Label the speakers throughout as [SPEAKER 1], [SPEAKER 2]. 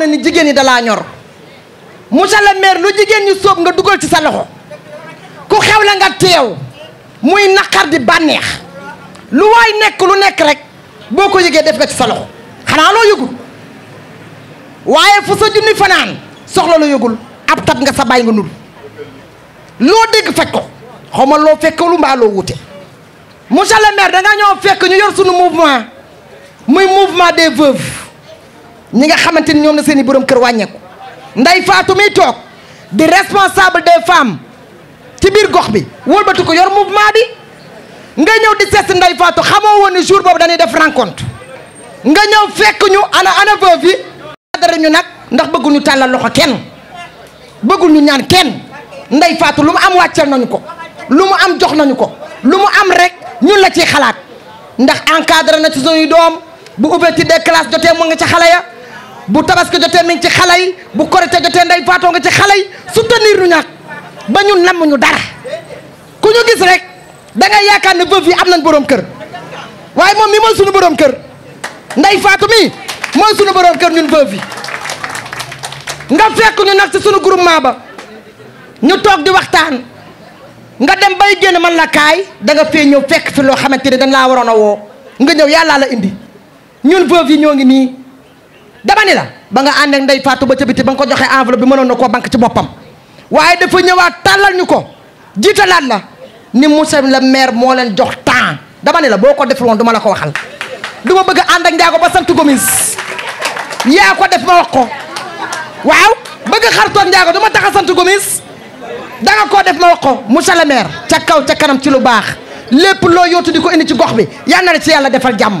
[SPEAKER 1] wane ni jigéen ñi dalaa ñor monsieur la maire lu jigéen ñu soog nga dugal ci sa loxo ku xew la nga teew muy naqar di bànneex lu waay nekk lu nekk rek boo ko yëgee def nga ci sa loxo xanaa loo yëgul waaye fu sa junni fanaan soxla la yëgul ab tab nga sa baay nga nul loo dégg faj ko xaw ma loo fekkelu mbaa loo wute monsieur le maire da nga fekk ñu yor sunu mouvement muy mouvement des veuves ñi nga xamante ni ñoom na seeni i kër wàññeeku nday faatu mi toog di responsable des femmes ci biir gox bi wëlbatu ko yor mouvement bi nga ñëw di seet nday faatu xamoo woon ni jour boobu dañuy def rencontre nga ñëw fekk ñu ana ana veuve yi dara ñu nag ndax bëgguñu tàllal loxo kenn bëgguñu ñaan kenn nday faatu lu mu am wàcceel nañu ko lu mu am jox nañu ko lu mu am rek ñun la ciy xalaat ndax encadré na ci suñuy doom bu ubbee ci des classes jotee mu nga ca xale ya bu tabaski jotee mi ngi ci xale yi bu korite jotee nday faatoo nga ci xale yi soutenir ñu ñàkk ba ñu namm ñu dara ku ñu gis rek da ngay yaakaar ne yi am nañ borom kër waaye moom mi mooy suñu borom kër nday faatu mi mooy suñu borom kër ñun veuve yi nga fekk ñu nag ci suñu groupement ba ñu toog di waxtaan nga dem bay génn man la kaay da nga fee ñëw fekk fi loo xamante dañ laa waroon a nga ñëw yàllaa la indi ñun veuve yi ñoo ngi dama ni la ba nga ande ndey fatou ba ci biti ba ko joxe enveloppe bi mënoon ko bank ci bopam waye dafa ñëwaat talal ñuko ko jiitalaat la ni monsieur le maire mo len jox temps dama ni la boko deful woon la ko waxal duma bëgg ànd ak njaago ba sant gomis yaa ko def ma wax ko waw bëgg xaritoog njaago duma ma tax sant gomis da nga ko def ma wax ko monsieur le maire ca kaw ca kanam ci lu bax lepp lo yotu diko ko indi ci gox bi ya na la ci
[SPEAKER 2] yalla defal jàmm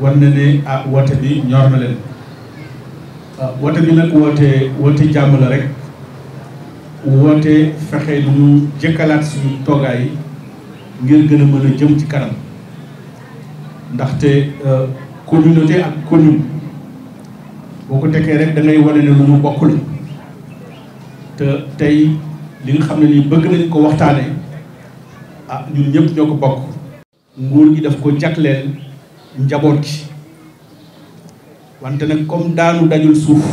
[SPEAKER 2] war na ne ah woote bi ñor na leen ah, woote bi nag woote jàmm la rek woote fexe nu ñu jëkkalaat suñu toogaay ngir gën a mën a jëm ci kanam ndaxte euh, communauté ak commune boo ko tekkee rek da ngay wane ne lu mu bokk la te tey li nga xam ne nii bëgg nañ ko waxtaanee ah ñu ñëpp ñoo ko bokk nguur gi daf ko jagleel njabot gi wante nak comme daanu dajul suuf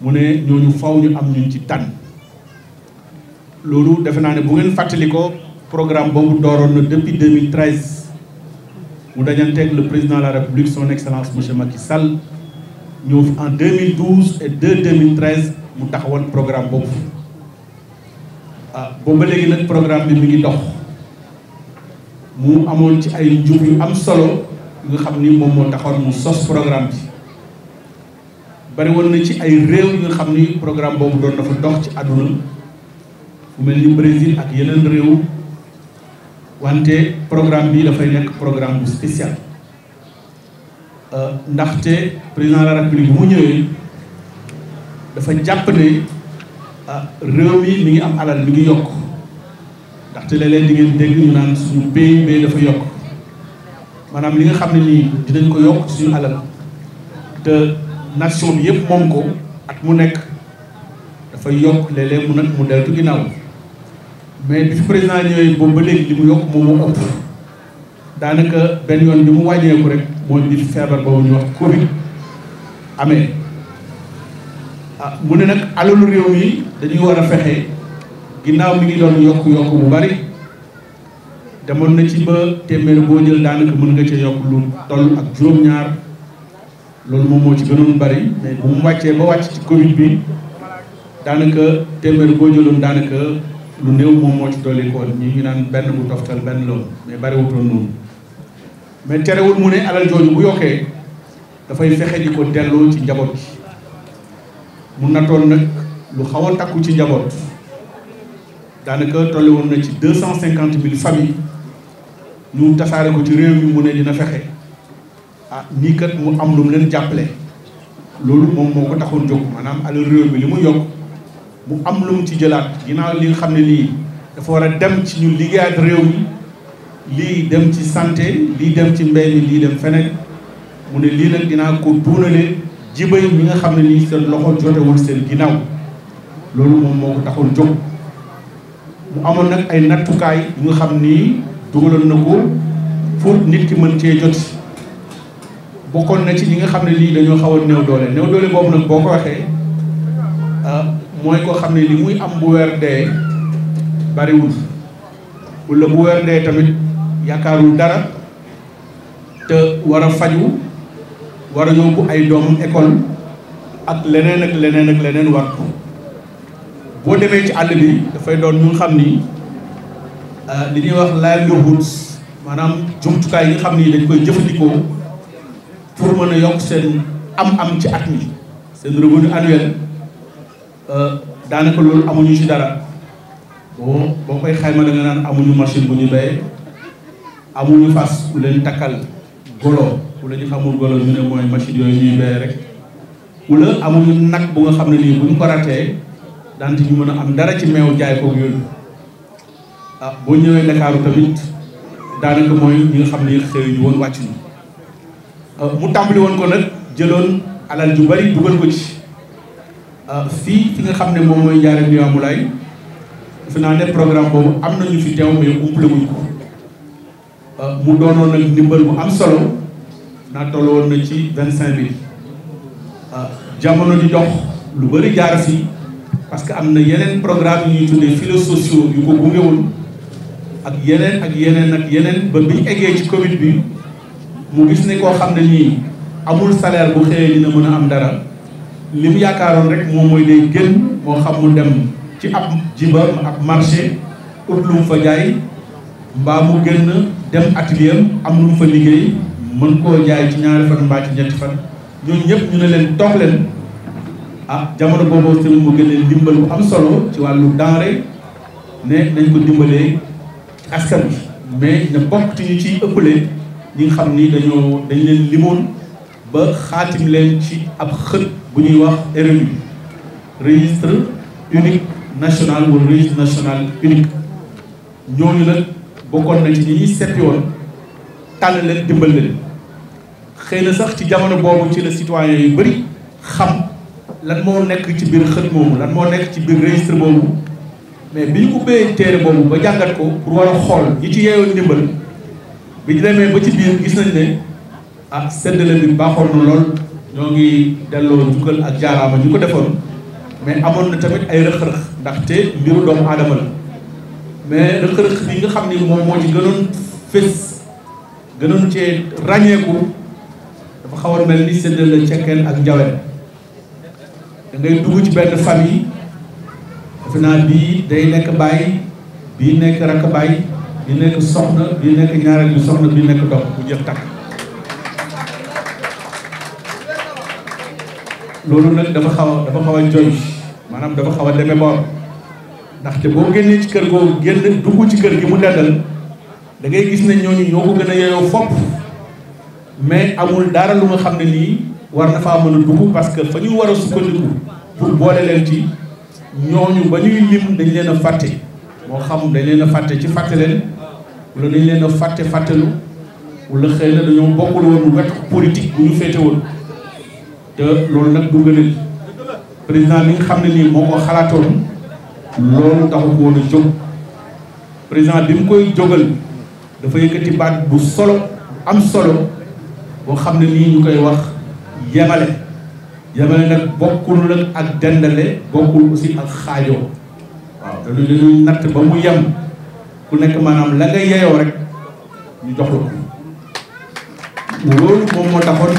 [SPEAKER 2] mu ne ñooñu faw ñu am ñun ci tan loolu defe naa ne bu ngeen fàttalikoo programme boobu dooroon na depuis 2013 mu dajanteeg le président de la république son excellence monsieur Macky Sall ñëw fi en 2012 et 2013 mu taxawoon programme boobu ah ba léegi nag programme bi mi ngi dox mu amoon ci ay njub yu am solo nga xam ni moom moo taxoon mu sos programme bi bari woon na ci ay réew nga xam ni programme boobu doon dafa dox ci aduna fu mel ni Brésil ak yeneen réew wante programme bi dafay nekk programme bu spécial euh, ndaxte président de la république bu mu ñëwee dafa jàpp ne euh, réew mi mi ngi am alal mi ngi yokk ndaxte léeg-léeg di dégg ñu naan suñu PIB dafa yokk maanaam li nga xam ne nii dinañ ko yokk suñu alal te nation bi yëpp moom ko at mu nekk dafay yokk léeg-léeg mu nag mu deltu ginnaaw mais bi fi président ñëwee boobu ba léegi li mu yokk moom moo ëpp daanaka benn yoon bi mu wàññeeku rek moo di feebar boobu ñu wax Covid amee ah, mu ne nag alalu réew yi dañuy war a fexe. ginnaaw mi ngi doon yokk yokk bu bari demoon na ci ba téeméer boo jël daanaka mën nga ca yokk lu toll ak juróom-ñaar loolu moom ci gënoon bari mais bu mu wàccee ba wàcc ci Covid bi daanaka téeméer boo jëloon daanaka lu néew moom moo ci dolli ko ñi ngi naan benn bu toftal benn loolu mais bariwutoon noonu mais terewul mu ne alal jooju bu yokkee dafay fexe di ko delloo ci njaboot bi mu nattoon nag lu xaw a takku ci njaboot daanaka toll woon na ci deux cent cinquante mille familles ñu tasaare ko ci réew mi mu ne dina fexe ah nii kat mu am lu mu leen jàppale loolu moom moo ko taxoon jóg maanaam alal réew bi li mu yokk mu am lu mu ci jëlaat ginnaaw li xam ne nii dafa war a dem ci ñu liggéeyaat réew mi lii dem ci santé lii dem ci mbay mi lii dem feneen mu ne lii nag dinaa ko duunale jibay mi nga xam ne nii seen loxo jotewul seen ginnaaw loolu moom moo ko taxoon jóg mu amoon nag ay nattukaay yu nga xam ni dugaloon na ko pour nit ki mën cee jot bokkoon na ci ñi nga xam ne lii dañoo xaw a néew doole néew doole boobu nag boo ko waxee ah, mooy koo xam ne li muy am bu weer dee bariwul wala bu weer dee tamit yaakaarul dara te war a faju war a yóbbu ay doomam école ak leneen ak leneen ak leneen war ko boo demee ci àll bi dafay doon ñu xam ni euh, li ñuy wax livelihoods maanaam jumtukaay yi nga xam nii dañ koy jëfandikoo pour mën a yokk seen am-am ci at mi seen revenu annuel euh, daanaka loolu amuñu ci dara boo boo koy xayma da nga naan amuñu machine bu ñu béyee amuñu fas bu leen takkal golo wala ñu xamul golo ñu ne mooy machine yooyu ñuy béyee rek wala amuñu nag bu nga xam ne nii bu ko ratee dante ñu mën a am dara ci meew jaay koog yooyu ah, boo ñëwee ndakaaru tamit daanaka mooy ñi nga xam ne xëy ñu woon wàcc ñu ah, mu tàmbali woon ko nag jëloon alal ju bari dugal ko ci ah, fii fi nga xam ne moom mooy njaareem Limaamulaay defe naa ne programme boobu am na ñu fi teew mais umple wuñ ko mu doonoon nag ndimbal bu am solo naa toll woon na ci vingt cinq mille jamono di dox lu bëri jaar si parce que am na yeneen programme yu ñuy tuddee philosociaux yu ko gungewul ak yeneen ak yeneen ak yeneen ba biñ eggee ci Covid bi mu gis ne koo xam ne nii amul salaire bu xëyee dina mën a am dara li mu yaakaaroon rek moom mooy day gën moo xam mu dem ci ab jibam ab marché ut lu mu fa jaay mbaa mu génn dem atelier am lu fa liggéey mën koo jaay ci ñaari fan mbaa ci ñetti fan ñooñu ñëpp ñu ne leen toog leen ah jamono boobu sëñ mu gën leen dimbal bu am solo ci wàllu denrée ne nañ ko dimbalee askan bi mais na bokk ci ñu ciy ëppale ñi nga xam ni dañoo dañ leen limoon ba xaatim leen ci ab xët bu ñuy wax RNU registre unique national wala registre national unique ñooñu la bokkoon na ci ñi ñuy seppi woon tànn leen dimbal leen xëy na sax ci jamono boobu ci la citoyen yu bëri xam lan moo nekk ci biir xët moomu lan moo nekk ci biir registre boobu mais bi ñu ubbee téere boobu ba jàngat ko pour war a xool ñi ci yeewoon ndimbal bi ñu demee ba ci biir gis nañ ne ah séddale bi baaxoon na lool ñoo ngi delloo jukkal ak jaaraama ñu ko defoon mais amoon na tamit ay rëq-rëq te mbiru doomu aadama la mais rëq-rëq bi nga xam ne moom moo ci gënoon fés gënoon cee ràññeeku dafa xaw a mel ni séddale cekkeen ak njaween da ngay dugg ci benn famille defe naa bii day nekk bàyyi bii nekk rakk bàyyi bii nekk soxna bii nekk ñaareel bi soxna bii nekk dox bu jëf takk loolu nag dafa xaw a dafa xaw a jooy maanaam dafa xaw a deme boor ndaxte boo génnee ci kër googu génn dugg ci kër gi mu dendal da ngay gis nañ ñooñu ñoo ko gën a yeyoo fopp mais amul dara lu nga xam ne nii war na faa mën a dugg parce que fa ñu war a sukkandiku pour boole leen ci ñooñu ba dañ leen a fàtte moo xam dañ leen a fàtte ci fàtte leen wala dañ leen a fàtte fàttelu wala xëy na dañoo bokkul woon wet bu ñu féete woon te loolu nag président bi nga xam ne nii moo ko xalaatoon loolu taxu ko woon jóg président bi mu koy jógal dafa yëkkati baat bu solo am solo boo xam ne nii ñu koy wax yemale yemale nag bokkul la ak dendale bokkul usi ak xaajoo waaw te lu ñuy natt ba mu yem ku nekk maanaam la nga yeyoo rek ñu jox la ko loolu moom moo taxoon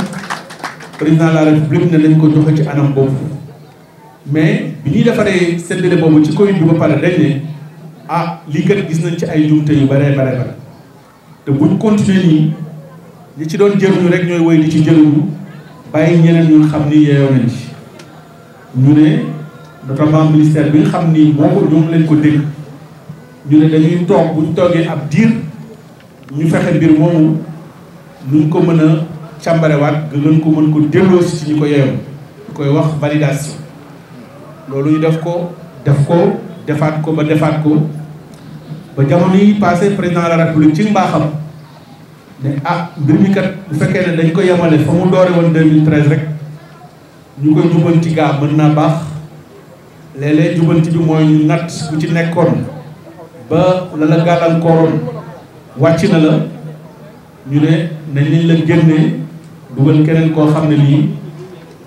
[SPEAKER 2] président de la république ne nañ ko joxe ci anam boobu mais bi ñuy defaree séddale boobu ci Covid bi ba pare dañ ne ah lii kat gis nañ ci ay jumte yu bare bare bare te buñ continuer nii ñi ci doon jëriñu rek ñooy woy di ci jëriñu bàyyi ñeneen ñun xam ni yeeyoo nañ ci ñu ne notamment ministère bi nga xam ni moo ñoom lañ ko dégg ñu ne dañuy toog buñ ñu toogee ab diir ñu fexe mbir moomu nuñ ko mën a càmbarewaat gën ko mën ko delloo si ñu ko yeeyoo koy wax validation loolu ñu def ko def ko defaat ko ba defaat ko ba jamono yi passé président de la république ci mbaaxam ne ah mbir mi kat bu fekkee ne dañ ko yemale fa mu doore woon 2013 rek ñu ko jubanti gaa mën naa baax léeg jubanti bi mooy ñu natt ku ci nekkoon ba la la gàllankooroon wàcc na la ñu ne nañ lañ la génnee dugal keneen koo xam ne lii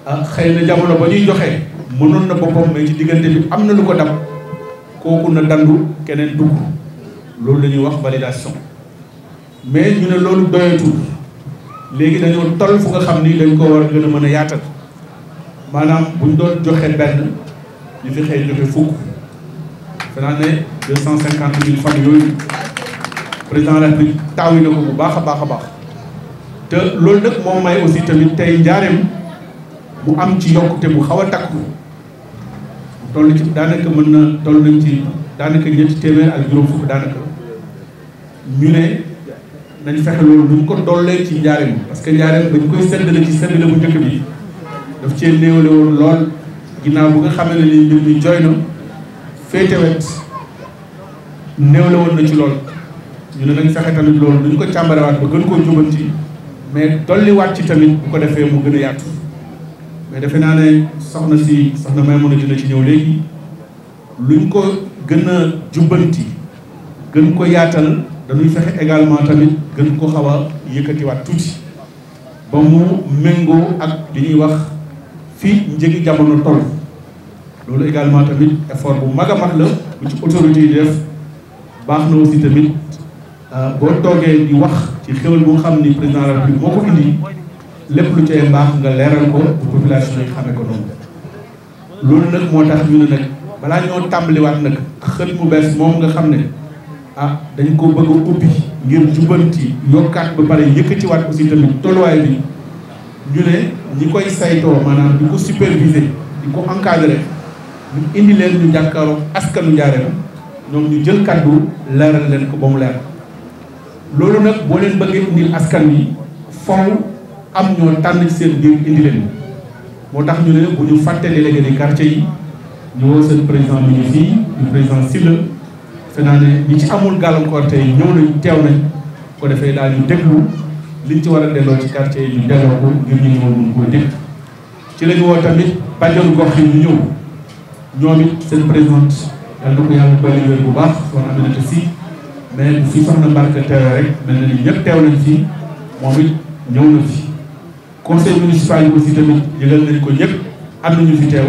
[SPEAKER 2] ah xëy na jamono ba ñuy joxe mënoon na ko mais ci diggante bi am na lu ko dab kooku na dandu keneen dugg loolu la ñuy wax validation mais ñu ne loolu doyatul léegi dañoo toll fu nga xam ni dañ ko war a gën a mën a yaatal maanaam buñ doon joxe benn ñu fi xëy joxe fukk fanaa cent cinquante mille familles yooyu président de la na ko bu baax a baax a baax te loolu nag moom may aussi tamit tey njaareem mu am ci yokkute bu xaw a takku toll ci daanaka mën na toll nañ ci daanaka ci téeméer ak juróom fukk daanaka ñu ne nañ fexe loolu bu ñu ko dollee ci njaareem parce que njaareem dañ koy séddale ci séddale bu njëkk bi daf cee néewale woon lool ginnaaw bu nga xamee ne ni mbir mi jooy na féete wet néewale woon na ci lool ñu ne nañ fexe tamit loolu duñ ko càmbarewaat ba gën koo jubanti mais dolliwaat ci tamit bu ko defee mu gën a yaatu mais defe naa ne soxna si soxna may mën a dina ci ñëw léegi luñ ko gën a jubbanti gën ko yaatal dañuy fexe également tamit gën ko xaw a yëkkatiwaat tuuti ba mu méngoo ak li ñuy wax fii njëgi jamono toll loolu également tamit effort bu mag a mag la bu ci autorité yi def baax na aussi tamit euh, boo toogee di wax ci xéwal bu xam ni président de la République moo ko indi lépp lu cay baax nga leeral ko bu population yi xamee ko noonu loolu nag moo tax ñu ne nag balaa ñoo tàmbaliwaat nag xët mu bees moom nga xam ne ah dañu ko bëgg a ubbi ngir jubanti yokkaat ba pare yëkkatiwaat aussi tamit tolluwaay bi ñu ne ñi koy saytoo maanaam di ko superviser di ko encadrer ñu indi leen ñu jàkkaaroo askanu njaareem ñoom ñu jël kàddu leeral leen ko ba mu leer loolu nag boo leen bëggee indil askan wi faw am ñoo tànn ci seen biir indi leen moo tax ñu ne bu ñu fàtte délégué des quartiers yi ñu woo seen président ministre yi ñu président Sylla defe naa ñi ci amul gàllankoor tey ñëw nañu teew nañ ko defee daal ñu déglu liñ ci war a delloo ci quartier yi ñu delloo ko ngir ñu ñëw mun koo dégg ci la ñu woo tamit bàjjenu gox yi ñu ñëw ñoom it seen présidente yàlla na ko yàlla bëri wér bu baax wax na ne si mais si fi soxna Mbarka teewee rek mel na ni ñëpp teew nañ fi moom it ñëw na fi conseil municipal yi aussi tamit yëgal nañ ko ñëpp am nañu fi teew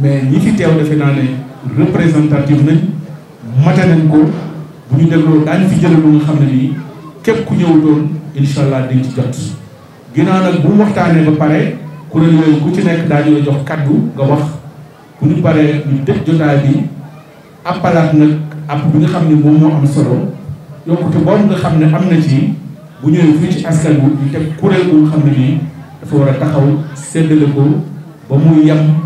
[SPEAKER 2] mais ñi fi teew defe naa ne représentative nañ mate nañ ko bu ñu dégloo daañu fi jëlee lu nga xam ne nii képp ku ñëw doon incha allah dañ ci jot. ginnaaw nag bu waxtaanee ba pare kuréel yooyu ku ci nekk daañu la jox kàddu nga wax bu ñu paree ñu dëj jotaay bi appalaat nag app bi nga xam ne moom moo am solo yokkute boobu nga xam ne am na ci bu ñëwee fii ci askan wi ñu teg kuréel bu nga xam ne nii dafa war a taxaw séddale ba muy yem.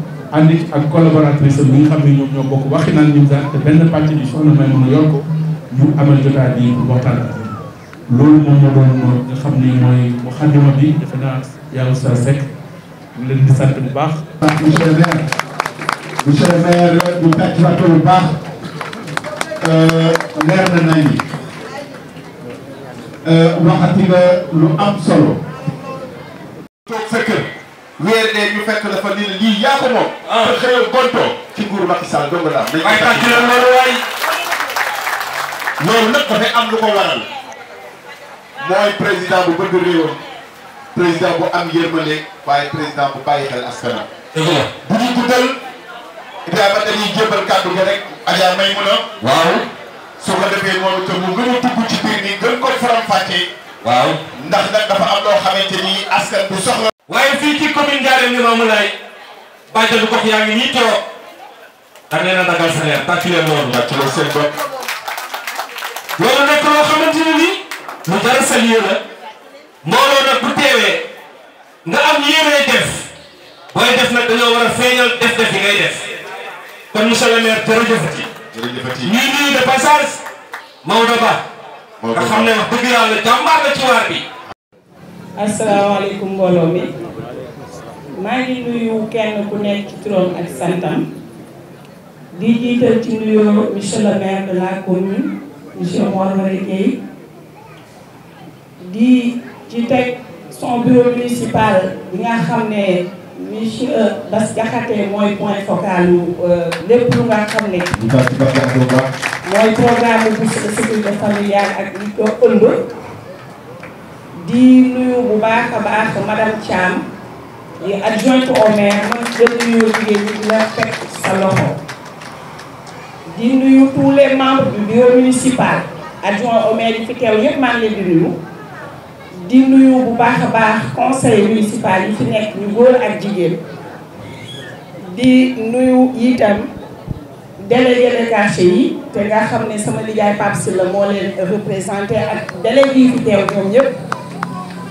[SPEAKER 2] ànd ak collaboratrice am yi nga xam ne ñoom ñoo bokk waxi naan ñu daal te benn pàcc bi soxna may mën a yor ko ñu amal jotaay bi pour waxtaan ak loolu moom moo doon nga xam ni mooy muxaddima bi defe naa yàlla sa sekk ñu leen di sant bu baax. monsieur le maire monsieur le maire ñu tàcc waxtu bu baax leer na nañu waxati nga lu am solo. toog sa kër. weer dee ñu fekk dafa ni lii yaa ko moom. Ah. te xëyal gontoo ci nguuru Macky Sall dong la am. nañ ko loolu waay. loolu nag dafay am lu ko waral. mooy président bu bëgg réewam. président bu am yërmande waaye président bu bàyyi xel askanam. dëgg la bu ñu guddal. Ibrahima dañuy jébbal kàddu gi rek. Adja may mun a. waaw. su ko defee moom itam mu gën a ci biir nii gën ko faram fàccee. waaw ndax nag dafa am loo xamante ni askan bu soxla. waaye fii ci commune Ndiarème Limamoulaye bàjjenu gox yaa ngi nii toog da nee na a sa leer bàcc leen loolu bàcc leen seen bopp loolu nekk loo xamante ne nii lu dara sa lieu la nga am yéenee def booy def nag dañoo war a feeñal def-def yi ngay def kon monsieur le maire jërëjëfati jërëjëfati ñuy nuyu de passage Ba nga xam ne wax dëgg yàlla jàmbaar la ci waar bi
[SPEAKER 3] asalaamaaleykum mbooloo mi maa ngi nuyu kenn ku nekk ci turam ak santam di jiital ci nuyoo monsieur le maire commune monsieur Mor Mari Gueye di ci son bureau municipal bi nga xam ne monsieur Bass Diakhaté mooy point focal euh, lépp lu nga xam ne mooy programme bu sécurité familiale ak li ko ëmb di nuyu bu baax a baax madame Thiam di adjointe au maire de nuyoo liggéey bi la fekk sa loxo di nuyu tous les membres du bureau municipal adjoint au maire yi fi teew yëpp maa ngi leen di nuyu di nuyu bu baax a baax conseil municipal yi fi nekk ñu góor ak jigéen di nuyu itam délégué de quartier yi te nga xam ne sama liggéey Pape la moo leen représenté ak délégué yi fi teew ñoom ñëpp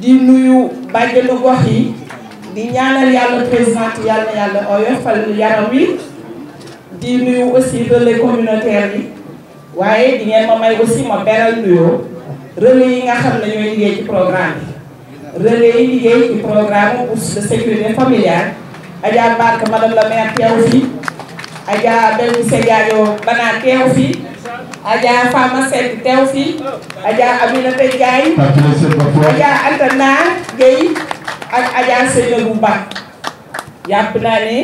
[SPEAKER 3] di nuyu bàjjenu gox yi di ñaanal yàlla présidente yàlla na yàlla oyofal yaram wi di nuyu aussi relais communautaire yi waaye di ngeen ma may aussi ma beral nuyoo relais yi nga xam ne ñooy liggéey ci programme bi relais yi liggéey ci programme bourse de sécurité familiale Adja Barka madame la maire teew fi Adja Bel Sega Diadio Bana teew fi Adja Fama Seck teew fii Adja Aminata Ndiaye Adja Anta Naar Gueye ak Adja Seynabou Ba yàpp naa ne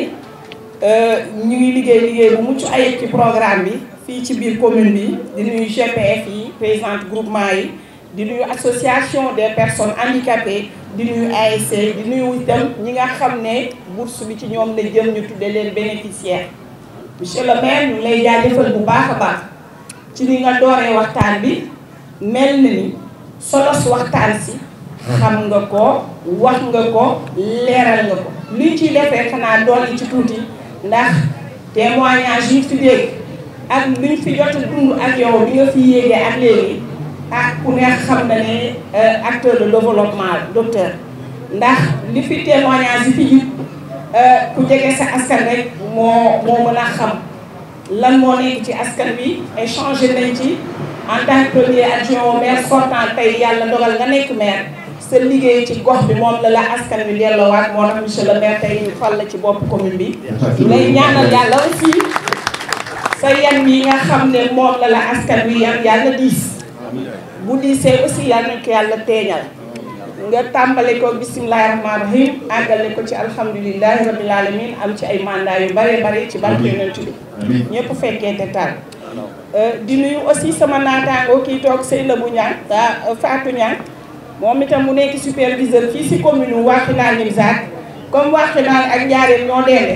[SPEAKER 3] euh, ñu ngi liggéey bu mucc ayib ci programme bi fii ci biir commune bi di nuyu GPF yi présidente groupement yi di nuyu association des personnes handicapées di nuyu ASC di nuyu itam ñi nga xam ne bourse bi ci ñoom la jëm ñu tudde leen bénéficiaire monsieur le maire nous lay jaajëfal bu baax a baax ci ni nga dooree waxtaan bi mel na ni solos waxtaan si xam nga ko wax nga ko leeral nga ko liñ ci defee xanaa dolli ci tuuti ndax témoignage yi fi dégg ak liñ fi jot a ak yow bi nga fi yéegee ak léegi ah ku ne xam na ne euh, acteur de développement docteur ndax li fi témoignage yi fi jib euh, ku jege sa askan rek moo moo mën a xam lan moo nekk ci askan bi échangé nañ ci en tant que premier adjoint au maire sortant tey yàlla dogal nga nekk maire sa liggéey ci gox bi moom la la askan bi delloowaat moo tax monsieur le maire tey ñu fal la ci bopp commune bi lay ñaanal yàlla aussi sa yan mi nga xam ne moom la la askan bi yan yàlla diis bu diisee aussi yàlla nañ ko yàlla teeñal nga tàmbale ko bisimilahi rahmaani rahim àggale ko ci alhamdulilahi rabil alamin am ci ay mandat yu bare bare ci barke yonent bi ñëpp fekkee détail euh, di nuyu aussi sama naataangoo kii toog Seyna bu Niang euh, Fatou Niang moom itam mu nekk superviseur fii si commune u Wakhinane Nimzatt comme Wakhinane ak Ndiarème ñoo deene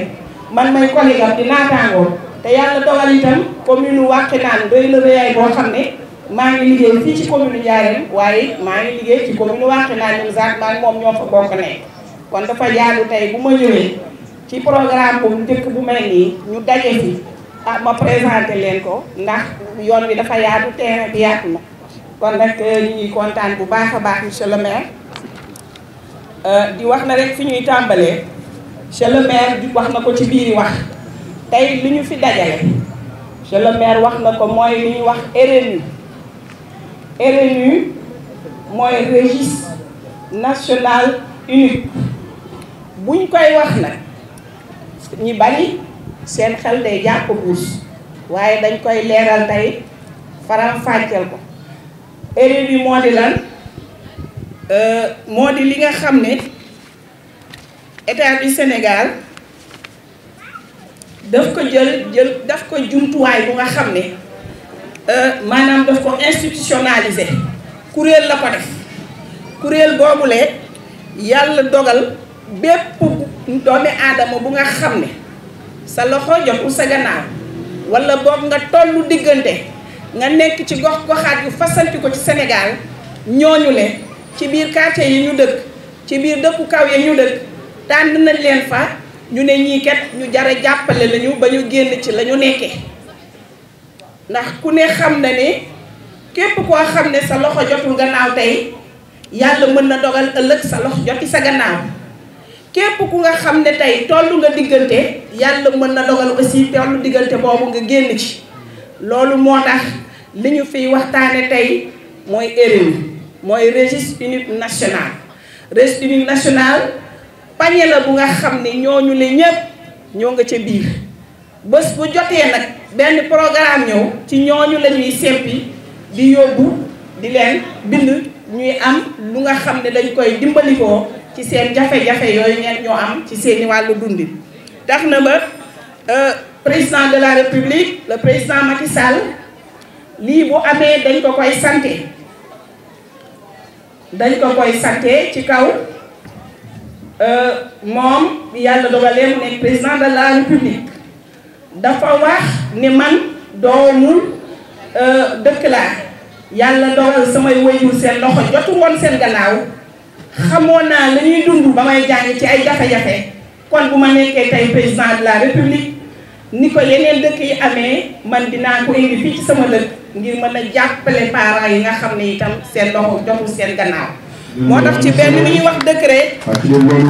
[SPEAKER 3] man may collègue am di naataangoo te yàlla dogal itam commune u Wakhinane doy na rëyaay boo xam ne maa ngi liggéey fii ci commune Ndiarème waaye maa ngi liggéey ci commune Wakhinane Nimzatt maa ngi moom ñoo fa bokk nekk kon dafa jaadu tey bu ma ñëwee ci programme bu njëkk bu mel nii ñu daje fi ah ma présenté leen ko ndax yoon wi dafa yaatu terrain bi yaatu na kon nag euh, ñu ngi kontaan bu baax a baax monsieur le maire euh, di wax na rek fi ñuy tàmbalee monsieur le maire di wax na ko ci biir wax tey li ñu fi dajale monsieur le maire wax na ko mooy li ñuy wax RNU RNU mooy registre national unique bu ñu koy wax nag ñi bari seen xel day jàpp buus waaye dañ koy léral tay faram-fàcceel ko RNU moo di lan euh, moo di li nga xamné état du Sénégal daf ko jël jël daf ko jumtu way bu nga xamné Euh, maanaam daf ko institutionnalisé kuréel la ko def kuréel boobulee yàlla dogal bépp doomi aadama bu nga xam ne sa loxo jotul sa gannaaw wala boog nga tollu diggante nga nekk ci gox goxaat yu fasanti ko ci Sénégal ñooñu le ci biir quartier yi ñu dëkk ci biir dëkku kaw yi ñu dëkk tànn nañ leen fa ñu ne ñii ket ñu jare jàppale lañu ba ñu génn ci lañu nekkee ndax ku ne xam na ne képp ko xam ne sa loxo jotul gannaaw tey yàlla mën na dogal ëllëg sa loxo joti sa gannaaw képp ku nga xam ne tey tollu nga diggante yàlla mën na dogal aussi tollu diggante boobu nga génn ci loolu moo tax li ñu fiy waxtaane tey mooy registre unique national registre unique national pañe bu nga xam ne ñooñu le ñëpp ñoo nga ca bës bu jotee nag benn programme ñëw ci ñooñu la ñuy di yóbbu di leen bind ñuy am lu nga xam ne dañ koy dimbalikoo ci seen jafe-jafe yooyu ngeen ñoo am ci seeni wàllu dundi tax na ba euh, président de la république le président Macky Sall lii bu amee dañ ko koy santé dañ ko koy santé ci kaw euh, moom yàlla dogalee mu nekk président de la république dafa wax ne man doomul euh, dëkk laa yàlla dogal samay wayul seen loxo jotu woon seen gannaaw xamoon naa la ñuy dund ba may jàng ci ay jafe-jafe kon bu ma nekkee tey président de la république ni ko yeneen dëkk yi amee man dinaa ko indi fii ci sama dëkk ngir mën a jàppale parents yi nga xam ne itam seen loxo jotul seen gannaaw moo tax ci benn li ñuy wax décret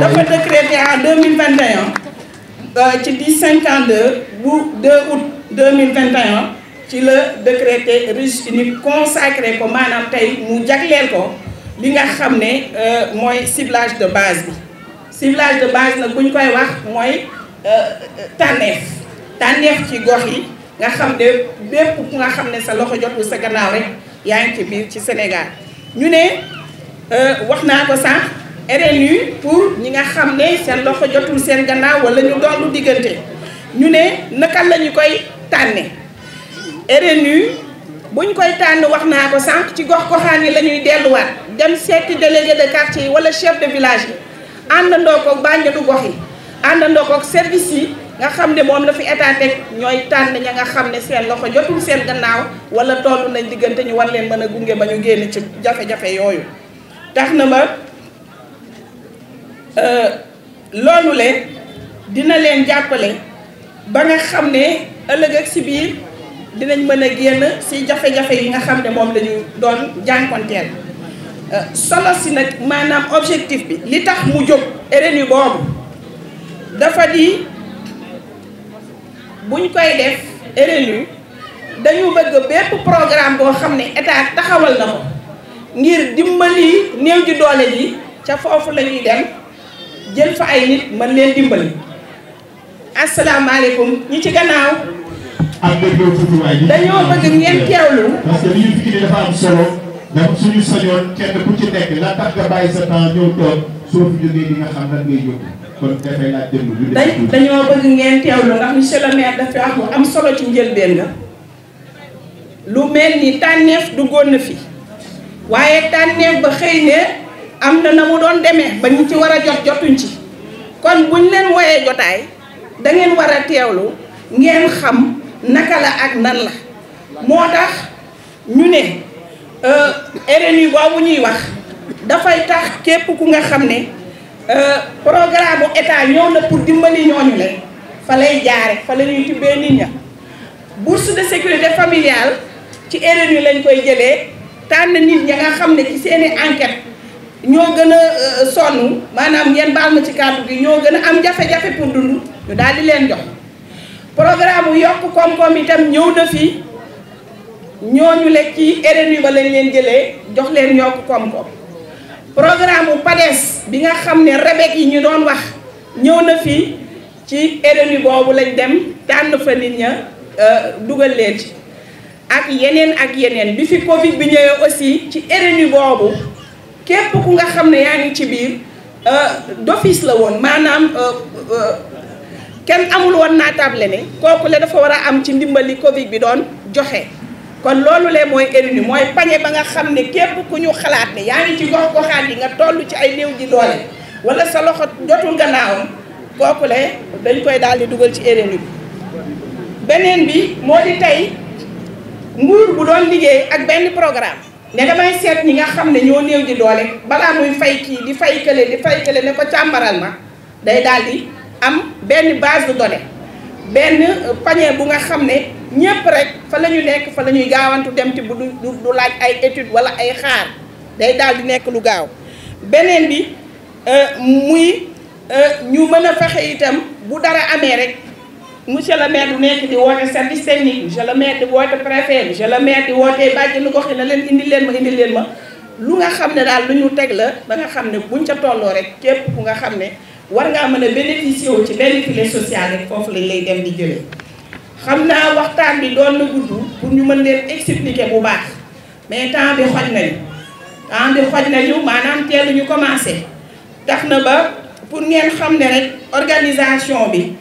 [SPEAKER 3] dafa décrété en 2021 Euh, ci di 52 bu 2 août 2021 ci le décrété registre unique consacré ko manam tay mu jagleel ko li nga xamné ne euh, ciblage de base bi ciblage de base nag buñ koy wax mooy euh, tanef tanef ci gox yi nga xamné bép ku nga xamné sa loxo jotul sa gannaaw rek ngi ci biir ci Sénégal ñu ne euh waxna ko sax RNU pour ñi nga xam ne seen loxo jotul seen gannaaw wala ñu doon diggante ñu ne naka la ñu koy tànne RNU buñ koy tànn wax naa ko sant ci gox goxaan yi la ñuy delluwaat dem seeti délégué de quartier yi wala chef de village yi àndandoo koog bànjadu gox yi àndandoo koog service yi nga xam ne moom la fi état ñooy tànn ña nga xam ne seen loxo jotul seen gannaaw wala toll nañ diggante ñu war leen mën a gunge ba ñu génn ci jafe-jafe yooyu tax na Euh, loolu le dina leen jàppale ba nga xam ne ëllëg ak si biir dinañ mën a génn si jafe-jafe yi nga xam ne moom la ñu doon jànkonteel euh, solo si nag maanaam objectif bi li tax mu jóg RNU boobu dafa di buñ koy def RNU dañu bëgg bépp programme boo xam ne état taxawal na ko ngir dimbali néew ji doole ji ca foofu la ñuy dem jël fa ay nit mën leen dimbali asalaamaaleykum ñi ci gannaaw. dañoo bëgg ngeen teewlu. parce que
[SPEAKER 2] li ñu fi dafa am solo dafa suñu soñoon kenn ku ci nekk la tax nga bàyyi sa temps ñëw toog soo nga xam lu dañ dañoo bëgg ngeen teewlu
[SPEAKER 3] ndax monsieur le dafa wax am solo ci njëlbeen nga lu mel ni tànneef duggoon na fi waaye tànneef ba xëy ne. am na na mu doon demee ba ñu ci war a jot jotuñ ci kon buñ leen woyee jotaay da ngeen war a teewlu ngeen xam naka la ak nan la moo tax ñu ne euh, RNU boobu ñuy wax dafay tax képp ku nga xam ne euh, programme bu état ñëw na pour dimbali ñooñu le fa lay jaare fa la ñuy tibbee nit ña bourse de sécurité familiale ci RNU lañ koy jëlee tànn nit ña nga xam ne ci seeni enquête ñoo gën a euh, sonn maanaam ngeen baal ma ci kàddu bi ñoo gën a am jafe-jafe pour dund ñu daal di leen jox programme bu yokk koom-koom itam ñëw na fi ñooñu lekk ci RNU ba lañ leen jëlee jox leen yokk koom-koom programme bu bi nga xam ne rebek yi ñu doon wax ñëw na fii ci RNU boobu lañ dem tànn fa nit ña euh, dugal leen ci ak yeneen ak yeneen bi fi Covid bi ñëwee aussi ci RNU boobu. képp ku nga xam ne yaa ngi ci biir euh, d'office la woon maanaam euh, euh, kenn amul woon naataable ne kooku le dafa war a am ci ndimbali Covid bi doon joxe kon loolu le mooy élu mooy pañe ba nga xam ne képp ku ñu xalaat ne yaa ngi ci gox goxaan yi nga toll ci ay néew ji doole wala sa loxo jotul gannaawam kooku le dañ koy daal di dugal ci élu bi beneen bi moo di tey nguur bu doon liggéey ak benn programme. ne damay seet ñi nga xam ne ñoo néew di doole balaa muy fay kii di fay kële di fay kële ne ko càmbaral ma day daal di am benn base de données benn panier bu nga xam ne ñépp rek fa la ñu nekk fa la ñuy gaawantu dem ci bu du du laaj ay étude wala ay xaar day daal di nekk lu gaaw beneen bi euh, muy euh, ñu mën a fexe itam bu dara amee rek monsieur le maire bu nekk di wote service technique monsieur le maire di woote préfet monsieur le maire di wootee bàjjenu gox yi na leen indi leen ma indi leen ma lu nga xam ne daal lu ñu teg la ba nga xam ne buñ ca tolloo rek képp ku nga xam ne war ngaa mën a bénéficier wu ci benn filet social rek foofu lañ lay dem di jëlee xam naa waxtaan bi doon na gudd pour ñu mën leen expliquer bu baax mais temps bi xoj nañu temps bi xoj nañu maanaam ñu commencé tax na ba pour ngeen xam ne rek organisation bi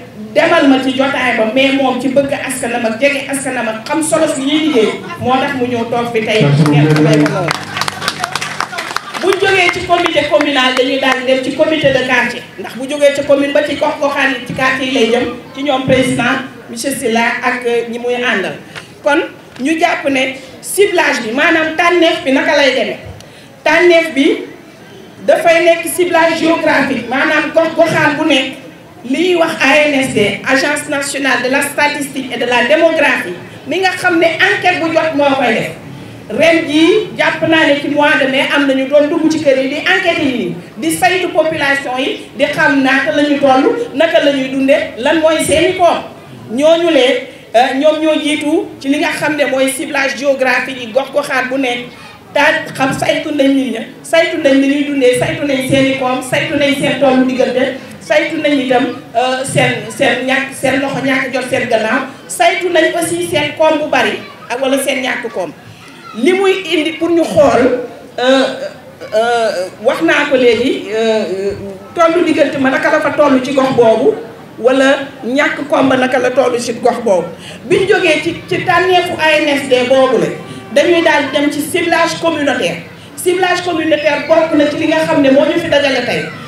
[SPEAKER 3] demal ma ci jotaay ba mais moom ci bëgg na ak jege askanam ak xam solo si ñuy liggéey moo tax mu ñëw toog bi tey ngeen may bu jógee ci comité communal dañuy daal dem ci comité de quartier ndax bu jógee ci commune ba ci gox goxaan yi ci quartier yi lay jëm ci ñoom président monsieur Sylla ak ñi muy àndal kon ñu jàpp ne ciblage bi maanaam tànneef bi naka lay demee tànneef bi dafay nekk ciblage géographique maanaam gox goxaan bu nekk li wax ANSD agence nationale de la statistique et de la démographie mi nga xamné enquête bu jot moo koy def ren jii jàpp naa ne ci mois de mai am nañu doon dugg ci kër yi di enquête yi di saytu population yi di xam naka lañu tollu naka la dundé lan moy seeni ko ñooñu lé euh, ñom ñoo jitu ci li nga xam ne mooy ciblage géographique yi gox ko xaar bu né daa xam saytu nañ nit ña saytu nañ ni ñuy dundé saytu nañ seeni koom saytu nañ seen tollu diggante. saytu nañ itam euh, seen seen ñàkk seen loxo ñàkk jot seen gannaaw saytu nañ si seen koom bu bari ak wala seen ñàkk koom li muy indi pour ñu xool euh, euh, wax naa ko léegi tollu diggante ma naka la fa toll ci gox boobu wala ñàkk koom ba naka la toll ci gox boobu biñ jógee ci ci tànneefu ANSD boobu la dañuy daal dem ci ciblage communautaire ciblage communautaire bokk na ci li nga xam ne moo ñu fi dajale tey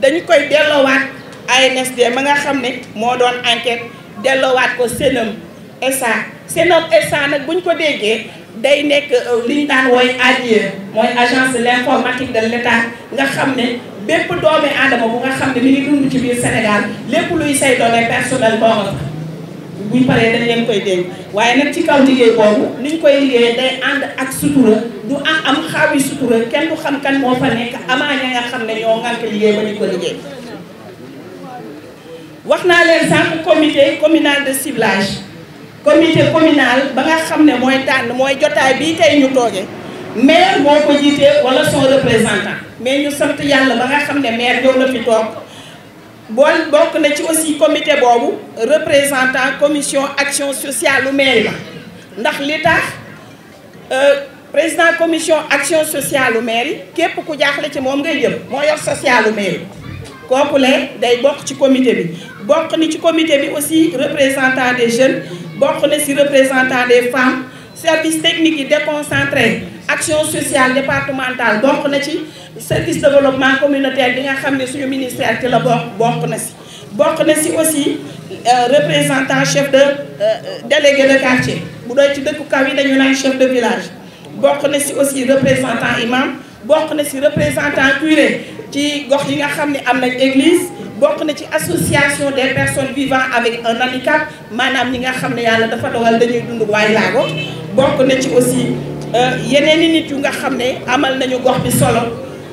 [SPEAKER 3] dañu koy delloowaat ANSD ma nga xam ne moo doon enquête delloowaat ko Senum SA Senum SA nag bu ñu ko déggee day nekk euh, li ñu daan wooy ADIE mooy agence de l' informatique de l' état nga xam ne bépp doomi aadama bu nga xam ne mi ngi dund ci biir Sénégal lépp luy say données personnelles boo buñ paree dañ leen koy denc waaye nag ci kaw liggéey boobu niñ koy liggéeyee day ànd ak sutura du am am xaawi sutura kenn du xam kan moo fa nekk amaa ña nga xam ne ñoo ngànk liggéey ba ñu ko liggéey wax naa leen sànq comité communal de ciblage comité communal ba nga xam ne mooy tànn mooy jotaay bii tey ñu tooge maire moo ko jiitee wala son représentant mais ñu sant yàlla ba nga xam ne maire ñëw na fi toog bon bok na ci aussi comité de représentant commission action sociale ou mairie L'état, ndax li tax euh, président commission action sociale au mairie képp ku jaxlé ci mom ngay jëm mo yor sociale ou mairie kooku le day bok ci comité bi bok ni ci comité bi aussi représentant des jeunes bok na ci représentant des femmes service technique et déconcentré action sociale départementale donc na ci service développement communautaire bien nga le ministère qui la bokk bon na aussi euh, représentant chef de euh, euh, délégué de quartier Vous êtes ci dëkku chef de village bokk na aussi représentant imam Bon na représentant curé qui gox yi nga église bokk ci association des personnes vivant avec un handicap Manam ñi nga xamné yalla dafa dogal dañuy dund bokk na ci aussi euh, yeneen i nit yu nga xamné amal nañu gox bi solo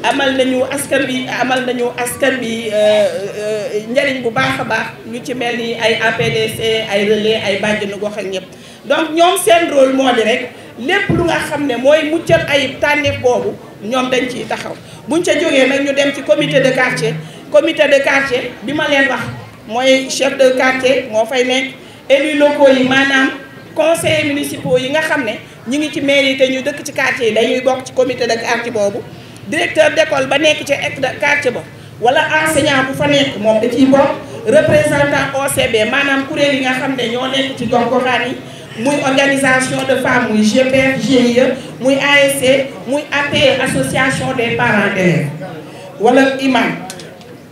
[SPEAKER 3] amal nañu askan bi amal nañu askan bi euh, euh njëriñ bu baax a baax lu ci melni ay APDC ay relais ay bàjjenu gox ak ñep donc ñom seen rôle moo di rek lepp lu nga xamné moy mooy muccal ayib tànneef boobu ñoom dañ ci taxaw buñ ca joggé nak ñu dem ci comité de quartier comité de quartier bima ma leen wax moy chef de quartier moo fay nek élu locaux yi manam conseils municipaux yi nga xamné ne ñu ngi ci mairie té ñu dëkk ci quartier dañuy bok ci comité de quartier bobu directeur d'école ba nekk ci quartier ba wala enseignant bu fa nekk moom da ciy bokk représentant OCB manam kuréel yi nga xamné ne ñoo nekk ci gox-goxaan yi muy organisation de femmes muy GPF GIE muy ASC muy AP, association des parents d'élèves wala imam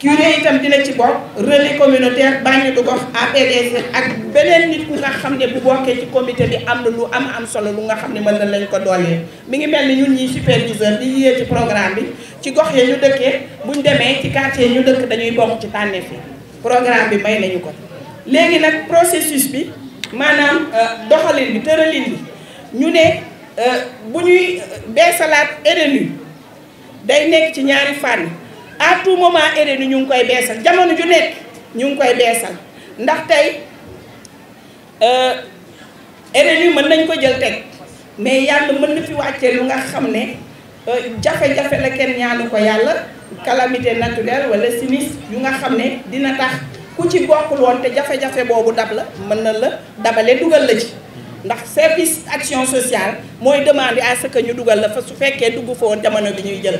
[SPEAKER 3] curé itam dina ci bokk relais communautaire bàññi du gox APDC ak beneen nit ku nga xam ne bu bokkee ci comité bi am na lu am am solo lu nga xam ne mën na lañ ko doolee mi ngi mel ni ñun ñi ñuy superviseur di yiyee ci programme bi ci gox ya ñu dëkkee buñ demee ci quartier ñu dëkk dañuy bokk ci tànneef yi programme bi may nañu ko léegi nag processus bi maanaam euh, doxalin bi tëralin bi ñu ne euh, bu ñuy euh, beesalaat RNU day nekk ci ñaari fànn à tout moment RNU ñu ngi koy beesal jamono ju nekk ñu ngi koy beesal ndax tey RNU mën nañ ko jël teg mais yàlla mën na fi wàccee lu nga xam ne jafe-jafe la kenn ñaanu ko yàlla calamité naturelle wala sinistre yu nga xam dina tax ku ci bokkul woon te jafe-jafe boobu dab la mën na la dabale dugal la ci ndax service action sociale mooy demander à ce que ñu dugal la fa su fekkee dugg fa woon jamono bi ñuy jël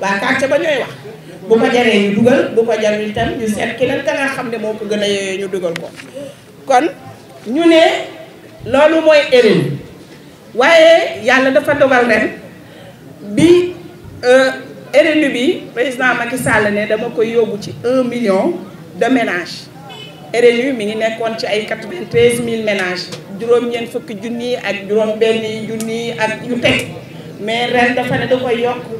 [SPEAKER 3] waa quartier ba ñooy wax bu ko jaree ñu dugal bu ko jarul itam ñu seet keneen ka nga xam ne moo ko gën a yooyee ñu dugal ko kon ñu ne loolu mooy erreur waaye yàlla dafa dogal ren bi euh, RNU bi président Macky sàll ne dama koy yóbbu ci un million de ménages RNU mi ngi nekkoon ci ay quatre-vingt-treize mille ménage juróom-ñeent fukki junni ak juróom-benn junni ak yu teg mais ren dafa ne da koy yokk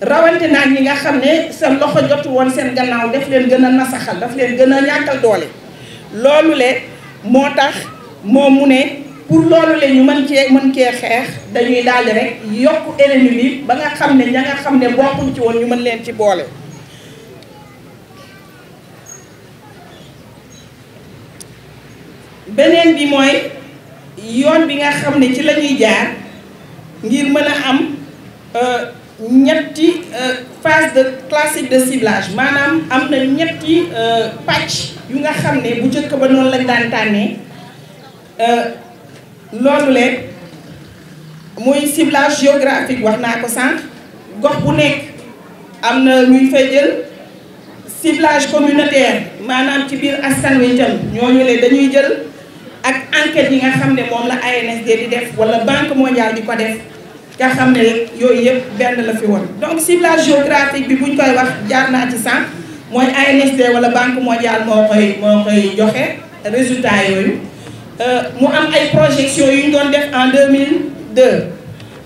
[SPEAKER 3] rawante naa ñi nga xam ne seen loxo jotu woon seen gannaaw daf leen gën a nasaxal daf leen gën a ñàkkal doole loolu le moo tax moo mu ne pour loolu leen ñu mën cee mën cee xeex dañuy daal di rek yokk ennemi bi ba nga xam ne ña nga xam ne bokkuñ ci woon ñu mën leen ci boole beneen bi mooy yoon bi nga xam ne ci lañuy ñuy jaar ngir mën a am euh, ñetti euh, phase de classique de ciblage maanaam am na ñetti euh, pàcc yu nga xam ne bu jëkk ba noonu lañ daan tànnee euh, loolu leen muy ciblage géographique wax naa ko sànq gox bu nekk am na luy fay jël ciblage communautaire maanaam ci biir askan wi itam ñooñu le dañuy jël ak enquête yi nga xam ne moom la ANSD di def wala banque mondiale di ko def nga xam ne rek yooyu yëpp benn la fi woon donc ciblage géographique bi buñ koy wax jaar naa ci sànq mooy ANSD wala banque mondiale moo koy moo koy joxe résultat yooyu euh, mu am ay projection yu ñu doon def en 2002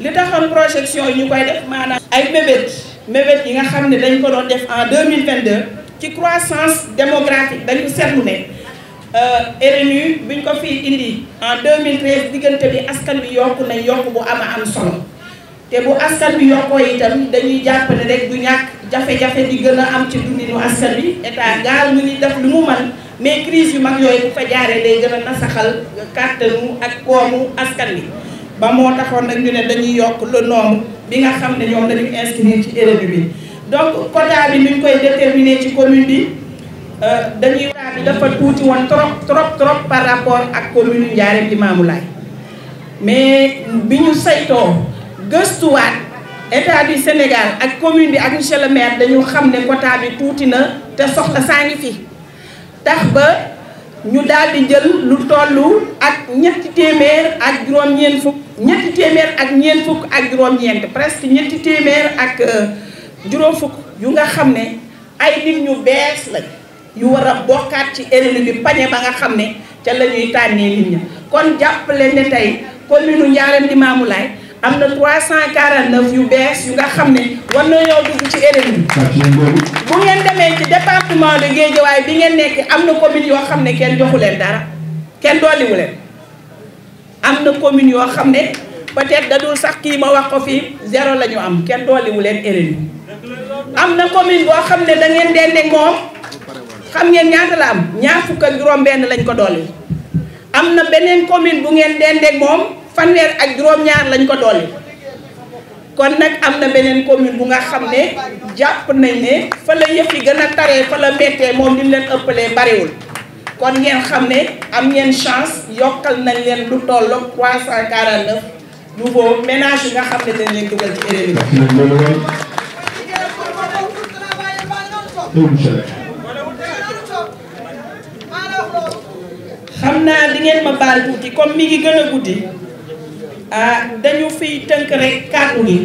[SPEAKER 3] li taxoon projection yi ñu koy def maanaam ay mébét mébét yi nga xam ne dañ ko doon def en 2022 ci croissance démographique dañu seetlu ne euh, RNU bi ñu ko fii indi en 2013 diggante bi askan bi yokku nañ yokk bu ama am solo te bu askan bi yokkoo itam dañuy jàpp ne rek du ñàkk jafe-jafe bi gën a am ci dundinu askan bi état gaal ñu ni def lu mu mën mais crise yu mag yooyu bu fa jaaree day gën a nasaxal kàttanu ak koomu askan bi ba moo taxoon nag ñu ne dañuy yokk la nombre bi nga xam ne ñoom dañuy inscrire ci RNU bi bi donc quota bi nu ñu koy déterminer ci commune bi euh, dañuy quota bi dafa tuuti woon trop trop trop par rapport ak commune Ndiarème Limamoulaye mais bi ñu saytoo gëstuwaat état du Sénégal ak commune bi ak monsieur dañu xam ne quota bi tuuti na te soxla saa ngi fi tax ba ñu daal di jël lu tollu ak ñetti téeméer ak juróom fukk ak ñeent fukk ak juróom-ñeent presque ñetti téeméer ak euh, juróom fukk yu nga xam ne ay nit ñu bees lañ yu war a bokkaat ci élu bi pañe ba nga xam ne ca la ñuy tànnee nit ña kon jàppale ne tey commune Ndiarème Limamoulaye am na cent 349 yu bees yu nga xam ne war na yoo dugg ci RNU bu ngeen demee ci département de Guédiawaye bi ngeen nekk am na commune yoo xam ne kenn joxu leen dara kenn dolliwu am na commune yoo xam ne peut-être sax kii ma wax ko fii la ñu am kenn dolliwu leen am na commune boo xam ne da ngeen dende moom xam ngeen ñaata la am ñaar juróom benn lañ ko dolli am na beneen commune bu ngeen dende moom fanweer ak juróom-ñaar lañ ko dolli kon nag am na beneen commune bu nga xam ne jàpp nañ ne fa la yëf yi gën a taree fa la méttee moom li leen ëppalee bariwul kon ngeen xam ne am ngeen chance yokkal na leen lu tolloog 349 nouveau ménage yi nga xam ne dañ leen dugal ci RNU. xam naa di ngeen ma baal tuuti comme mi ngi gën a guddi. Ah, dañu fiy tënk rek kàddu gi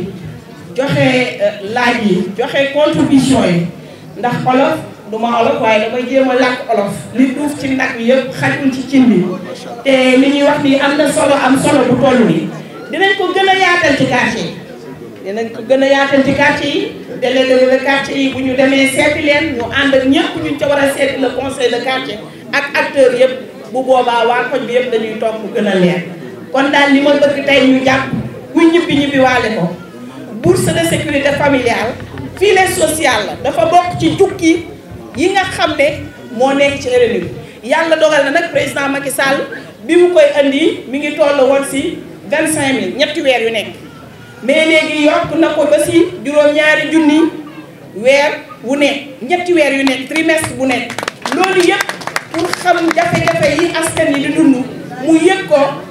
[SPEAKER 3] joxe euh, laaj yi joxe contribution yi ndax olof du ma olof waaye damay jéem a làkk olof li duuf ci nag bi yëpp xajul ci cin bi te li ñuy wax ni am na solo am solo bu toll nii dinañ ko gën a yaatal ci quartier yi dinañ ko gën a yaatal ci quartier yi délégué de quartier yi bu ñu demee seeti leen ñu ànd ak ñëpp ñu ca war a seeti le conseil de quartier ak acteur yëpp bu boobaa waa koñ bi yëpp dañuy toog mu gën a leer kon daal li ma bëgg tey ñu jàpp ku ñibbi ñibbi waale ko bourse de sécurité familiale filet social dafa bokk ci jukki yi nga xam ne moo nekk ci RNU yàlla dogal na nag président Macky Sall bi mu koy andi mi ngi toll woon si vingt cinq mille ñetti weer yu nekk mais léegi yokk na ko ba si juróom-ñaari junni weer wu nekk ñetti weer yu nekk trimestre bu nekk loolu yëpp pour xam jafe-jafe yi askan yi di dund mu yëg ko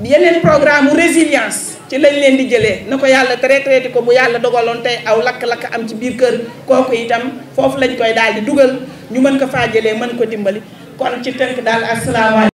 [SPEAKER 3] yeneen programme mu résilience ci lañ leen di jëlee na ko yàlla traité ko bu yàlla dogaloon tey aw lakk-lakk am ci biir kër kooku itam foofu lañ koy daal di dugal ñu mën ko faa
[SPEAKER 2] jëlee mën ko dimbali kon ci tënk daal asalaamaaleykum